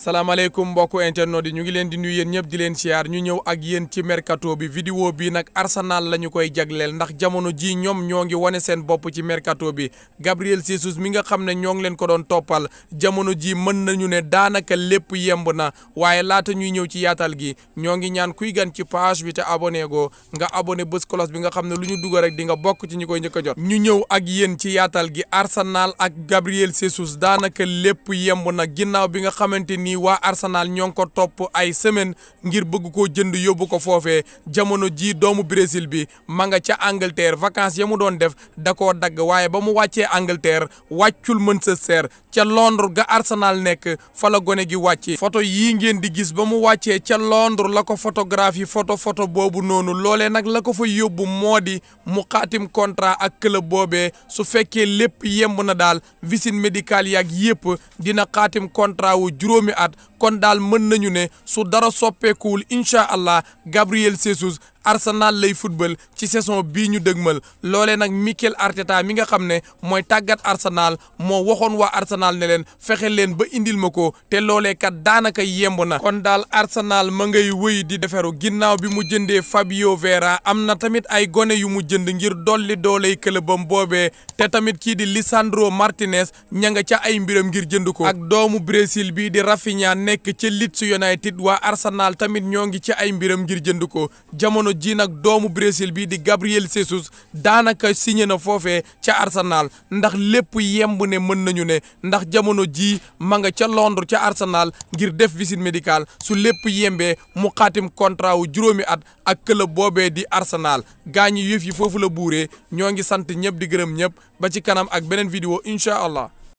salaamaaleykum mbokku internet yi ñu ngi leen di nuyu yéen ñëpp di leen siyaar ñu ñëw ak yéen ci mercato bi vidéo bi nag Arsenal la ñu koy jagleel ndax jamono ji ñoom ñoo ngi wane seen bopp ci mercato bi Gabriel Jesus mi nga xam ne ñoo ngi leen ko doon toppal jamono ji mën nañu ne daanaka lépp yemb na waaye laata ñuy ñëw ci yaatal gi ñoo ngi ñaan kuy gan ci page bi te abone go nga abone bés cloche bi nga xam ne lu ñu dugg rek di nga bokk ci ñu koy njëkk a jot ñu ñëw ak yéen ci yaatal gi Arsenal ak Gabriel Jesus daanaka lépp yemb na ginnaaw bi nga xamante ni nii waa Arsenal ñoo ngi ko topp ay semaine ngir bëgg koo jënd yóbbu ko foofee jamono ji doomu Brésil bi ma nga ca Angleterre vacances ya mu doon def da koo dagg waaye ba mu wàccee Angleterre wàccul Manchester ca londre ga Arsenal nekk fa gone gi wàccee photo yii ngeen di gis ba mu wàccee ca londre la ko photographie photo photo boobu noonu loolee nag la ko fa yóbbu moo di mu xaatim contrat ak club boobe su fekkee lépp yemb na daal visite médicale yaag yépp dina xaatim contrat wu juróomi at kon daal mën nañu ne su dara soppeekuwul incha allah Gabriel Jesus Arsenal lay football ci saison bii ñu dëgmal loole nag Mikel Arteta mi nga xam ne mooy tàggat Arsenal moo waxoon waa Arsenal ne leen fexe leen ba indil ma ko te loolee kat daanaka yemb na. kon daal Arsenal ma ngay wëy di defaru ginnaaw bi mu jëndee Fabio Vera am na tamit ay gone yu mu jënd ngir dolli doole dooley këlëbam boobee te tamit kii di Lisandro Martinez ña nga ca ay mbiram ngir jënd ko. ak doomu Brésil bii di Rafinha nekk ca Leeds United waa Arsenal tamit ñoo ngi ci ay mbiram ngir jënd jamono. jamono ji nag doomu Brésil bi di Gabriel Jesus daanaka signé na foofee ca Arsenal ndax lépp yemb ne mën nañu ne ndax jamono jii ma nga ca londre ca Arsenal ngir def visite médical su lépp yembee mu xaatim contrat wu juróomi at ak club boobee di Arsenal gaañu yëf yi foofu la buuree ñoo ngi sant ñëpp di gërëm ñëpp ba ci kanam ak beneen vidéo incha allah